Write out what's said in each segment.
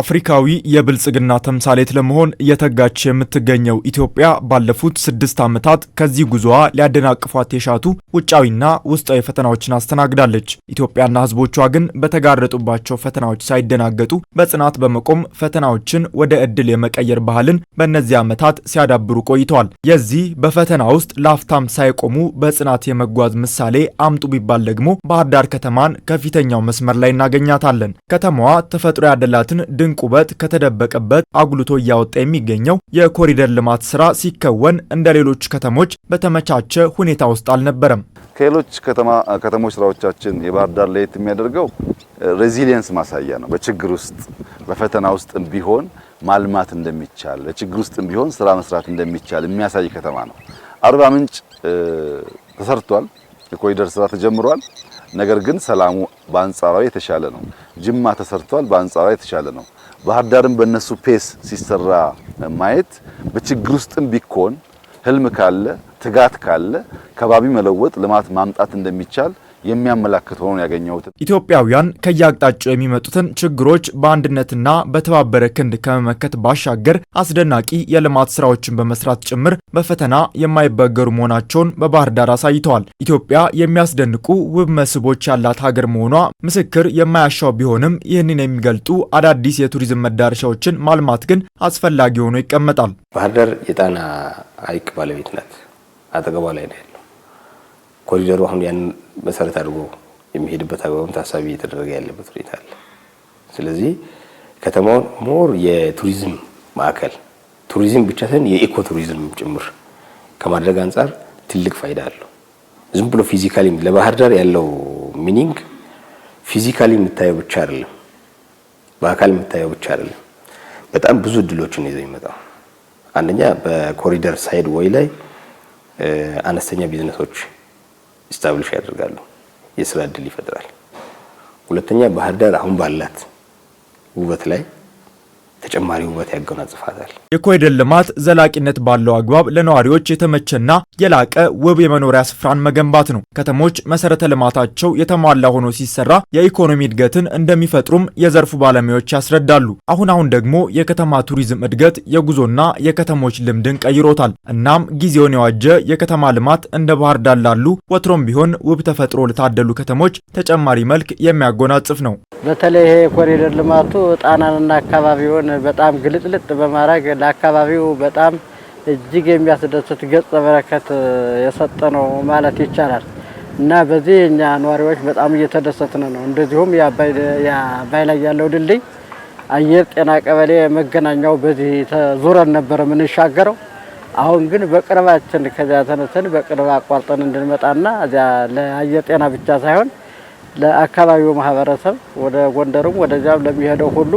አፍሪካዊ የብልጽግና ተምሳሌት ለመሆን እየተጋች የምትገኘው ኢትዮጵያ ባለፉት ስድስት ዓመታት ከዚህ ጉዞዋ ሊያደናቅፏት የሻቱ ውጫዊና ውስጣዊ ፈተናዎችን አስተናግዳለች። ኢትዮጵያና ሕዝቦቿ ግን በተጋረጡባቸው ፈተናዎች ሳይደናገጡ በጽናት በመቆም ፈተናዎችን ወደ ዕድል የመቀየር ባህልን በእነዚህ ዓመታት ሲያዳብሩ ቆይተዋል። የዚህ በፈተና ውስጥ ላፍታም ሳይቆሙ በጽናት የመጓዝ ምሳሌ አምጡ ቢባል ደግሞ ባህር ዳር ከተማን ከፊተኛው መስመር ላይ እናገኛታለን። ከተማዋ ተፈጥሮ ያደላትን ድንቅ ውበት ከተደበቀበት አጉልቶ እያወጣ የሚገኘው የኮሪደር ልማት ስራ ሲከወን እንደ ሌሎች ከተሞች በተመቻቸ ሁኔታ ውስጥ አልነበረም። ከሌሎች ከተሞች ስራዎቻችን የባህር ዳር ለየት የሚያደርገው ሬዚሊየንስ ማሳያ ነው። በችግር ውስጥ በፈተና ውስጥ ቢሆን ማልማት እንደሚቻል፣ በችግር ውስጥ ቢሆን ስራ መስራት እንደሚቻል የሚያሳይ ከተማ ነው። አርባ ምንጭ ተሰርቷል፣ የኮሪደር ስራ ተጀምሯል። ነገር ግን ሰላሙ በአንጻራዊ የተሻለ ነው። ጅማ ተሰርቷል፣ በአንጻራዊ የተሻለ ነው። ባህር ዳርም በእነሱ ፔስ ሲሰራ ማየት በችግር ውስጥም ቢኮን ህልም ካለ ትጋት ካለ ከባቢ መለወጥ ልማት ማምጣት እንደሚቻል የሚያመላክት ሆኖ ያገኘሁት። ኢትዮጵያውያን ከየአቅጣጫው የሚመጡትን ችግሮች በአንድነትና በተባበረ ክንድ ከመመከት ባሻገር አስደናቂ የልማት ስራዎችን በመስራት ጭምር በፈተና የማይበገሩ መሆናቸውን በባህር ዳር አሳይተዋል። ኢትዮጵያ የሚያስደንቁ ውብ መስህቦች ያላት ሀገር መሆኗ ምስክር የማያሻው ቢሆንም ይህንን የሚገልጡ አዳዲስ የቱሪዝም መዳረሻዎችን ማልማት ግን አስፈላጊ ሆኖ ይቀመጣል። ባህር ዳር የጣና ሐይቅ ባለቤት ናት። አጠገቧ ላይ ነው ያለው ኮሪደሩ አሁን ያንን መሰረት አድርጎ የሚሄድበት አግባብም ታሳቢ እየተደረገ ያለበት ሁኔታ አለ። ስለዚህ ከተማውን ሞር የቱሪዝም ማዕከል ቱሪዝም ብቻ ሳይሆን የኢኮ ቱሪዝም ጭምር ከማድረግ አንጻር ትልቅ ፋይዳ አለው። ዝም ብሎ ፊዚካሊ ለባህር ዳር ያለው ሚኒንግ ፊዚካሊ የምታየው ብቻ አይደለም፣ በአካል የምታየው ብቻ አይደለም። በጣም ብዙ እድሎችን ይዘው ይመጣው። አንደኛ በኮሪደር ሳይድ ወይ ላይ አነስተኛ ቢዝነሶች ኢስታብሊሽ ያደርጋሉ፣ የስራ እድል ይፈጥራል። ሁለተኛ ባህር ዳር አሁን ባላት ውበት ላይ ተጨማሪ ውበት ያጎናጽፋታል። የኮሪደር ልማት ዘላቂነት ባለው አግባብ ለነዋሪዎች የተመቸና የላቀ ውብ የመኖሪያ ስፍራን መገንባት ነው። ከተሞች መሰረተ ልማታቸው የተሟላ ሆኖ ሲሰራ የኢኮኖሚ እድገትን እንደሚፈጥሩም የዘርፉ ባለሙያዎች ያስረዳሉ። አሁን አሁን ደግሞ የከተማ ቱሪዝም እድገት የጉዞና የከተሞች ልምድን ቀይሮታል። እናም ጊዜውን የዋጀ የከተማ ልማት እንደ ባህር ዳር ላሉ ወትሮም ቢሆን ውብ ተፈጥሮ ለታደሉ ከተሞች ተጨማሪ መልክ የሚያጎናጽፍ ነው። በተለይ ይሄ የኮሪደር ልማቱ ጣናንና አካባቢውን በጣም ግልጥልጥ በማድረግ ለአካባቢው በጣም እጅግ የሚያስደስት ገጸ በረከት የሰጠ ነው ማለት ይቻላል እና በዚህ እኛ ነዋሪዎች በጣም እየተደሰትን ነው። እንደዚሁም የአባይ ላይ ያለው ድልድይ አየር ጤና ቀበሌ መገናኛው በዚህ ተዙረን ነበር የምንሻገረው። አሁን ግን በቅርባችን ከዚያ ተነስተን በቅርብ አቋርጠን እንድንመጣና እዚያ ለአየር ጤና ብቻ ሳይሆን ለአካባቢው ማህበረሰብ ወደ ጎንደርም ወደዚያም ለሚሄደው ሁሉ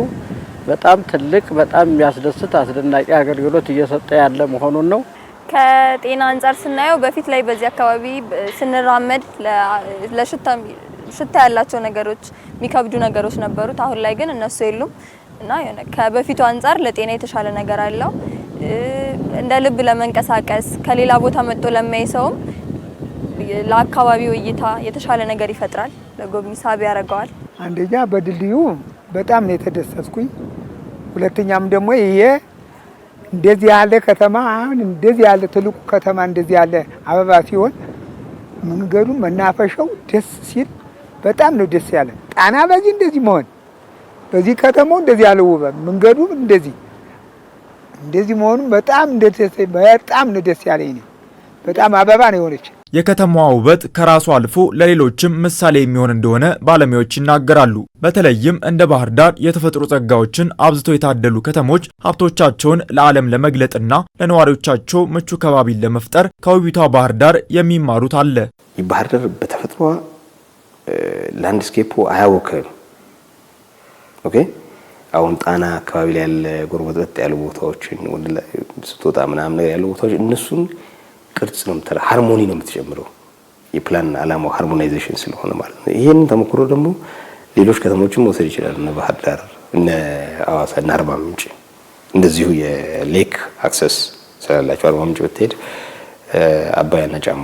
በጣም ትልቅ በጣም የሚያስደስት አስደናቂ አገልግሎት እየሰጠ ያለ መሆኑን ነው። ከጤና አንጻር ስናየው በፊት ላይ በዚህ አካባቢ ስንራመድ ለሽታ ያላቸው ነገሮች የሚከብዱ ነገሮች ነበሩት። አሁን ላይ ግን እነሱ የሉም እና ከበፊቱ አንጻር ለጤና የተሻለ ነገር አለው። እንደ ልብ ለመንቀሳቀስ ከሌላ ቦታ መጥቶ ለሚያይ ሰውም ለአካባቢው እይታ የተሻለ ነገር ይፈጥራል። ለጎብኚ ሳቢ ያደርገዋል። አንደኛ በድልድዩ በጣም ነው የተደሰትኩኝ። ሁለተኛም ደግሞ ይሄ እንደዚህ ያለ ከተማ አሁን እንደዚህ ያለ ትልቁ ከተማ እንደዚህ ያለ አበባ ሲሆን መንገዱ መናፈሻው ደስ ሲል በጣም ነው ደስ ያለ። ጣና በዚህ እንደዚህ መሆን በዚህ ከተማው እንደዚህ ያለ ውበት መንገዱ እንደዚህ እንደዚህ መሆኑ በጣም በጣም ነው ደስ ያለ። በጣም አበባ ነው የሆነች። የከተማዋ ውበት ከራሱ አልፎ ለሌሎችም ምሳሌ የሚሆን እንደሆነ ባለሙያዎች ይናገራሉ። በተለይም እንደ ባህር ዳር የተፈጥሮ ጸጋዎችን አብዝቶ የታደሉ ከተሞች ሀብቶቻቸውን ለዓለም ለመግለጥና ለነዋሪዎቻቸው ምቹ ከባቢን ለመፍጠር ከውቢቷ ባህር ዳር የሚማሩት አለ። ባህር ዳር በተፈጥሮ ላንድስኬፑ አያወክም። ኦኬ አሁን ጣና አካባቢ ላይ ያለ ጎርበጠጥ ያሉ ቦታዎችን ስትወጣ ምናምን ያሉ ቦታዎች እነሱን ቅርጽ ነው የምትለው፣ ሃርሞኒ ነው የምትጨምረው። የፕላን አላማው ሃርሞናይዜሽን ስለሆነ ማለት ነው። ይህን ተሞክሮ ደግሞ ሌሎች ከተሞችን መውሰድ ይችላል። እነ ባህር ዳር፣ እነ አዋሳ፣ እነ አርባ ምንጭ እንደዚሁ የሌክ አክሰስ ስላላቸው አርባ ምንጭ ብትሄድ አባያና ጫሞ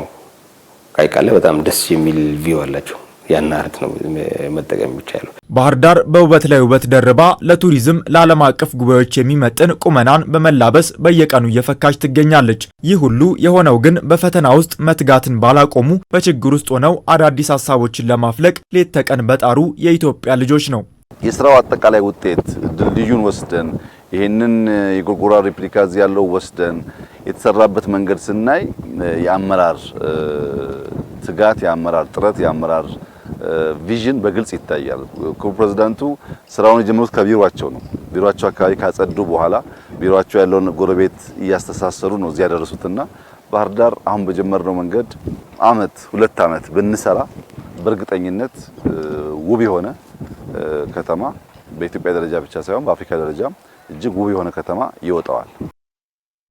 ቃይቃለ በጣም ደስ የሚል ቪው አላቸው። ያን አርት ነው መጠቀም የሚቻለው። ባህር ዳር በውበት ላይ ውበት ደርባ ለቱሪዝም ለዓለም አቀፍ ጉባኤዎች የሚመጥን ቁመናን በመላበስ በየቀኑ እየፈካች ትገኛለች። ይህ ሁሉ የሆነው ግን በፈተና ውስጥ መትጋትን ባላቆሙ በችግር ውስጥ ሆነው አዳዲስ ሀሳቦችን ለማፍለቅ ሌት ተቀን በጣሩ የኢትዮጵያ ልጆች ነው። የስራው አጠቃላይ ውጤት ድልድዩን ወስደን ይህንን የጎርጎራ ሬፕሊካ እዚህ ያለው ወስደን የተሰራበት መንገድ ስናይ የአመራር ትጋት፣ የአመራር ጥረት፣ የአመራር ቪዥን በግልጽ ይታያል። ክቡር ፕሬዚዳንቱ ስራውን የጀመሩት ከቢሮቸው ነው። ቢሮቸው አካባቢ ካጸዱ በኋላ ቢሮቸው ያለውን ጎረቤት እያስተሳሰሩ ነው እዚህ ያደረሱትና ባህር ዳር አሁን በጀመርነው መንገድ አመት ሁለት አመት ብንሰራ በእርግጠኝነት ውብ የሆነ ከተማ በኢትዮጵያ ደረጃ ብቻ ሳይሆን በአፍሪካ ደረጃም እጅግ ውብ የሆነ ከተማ ይወጣዋል።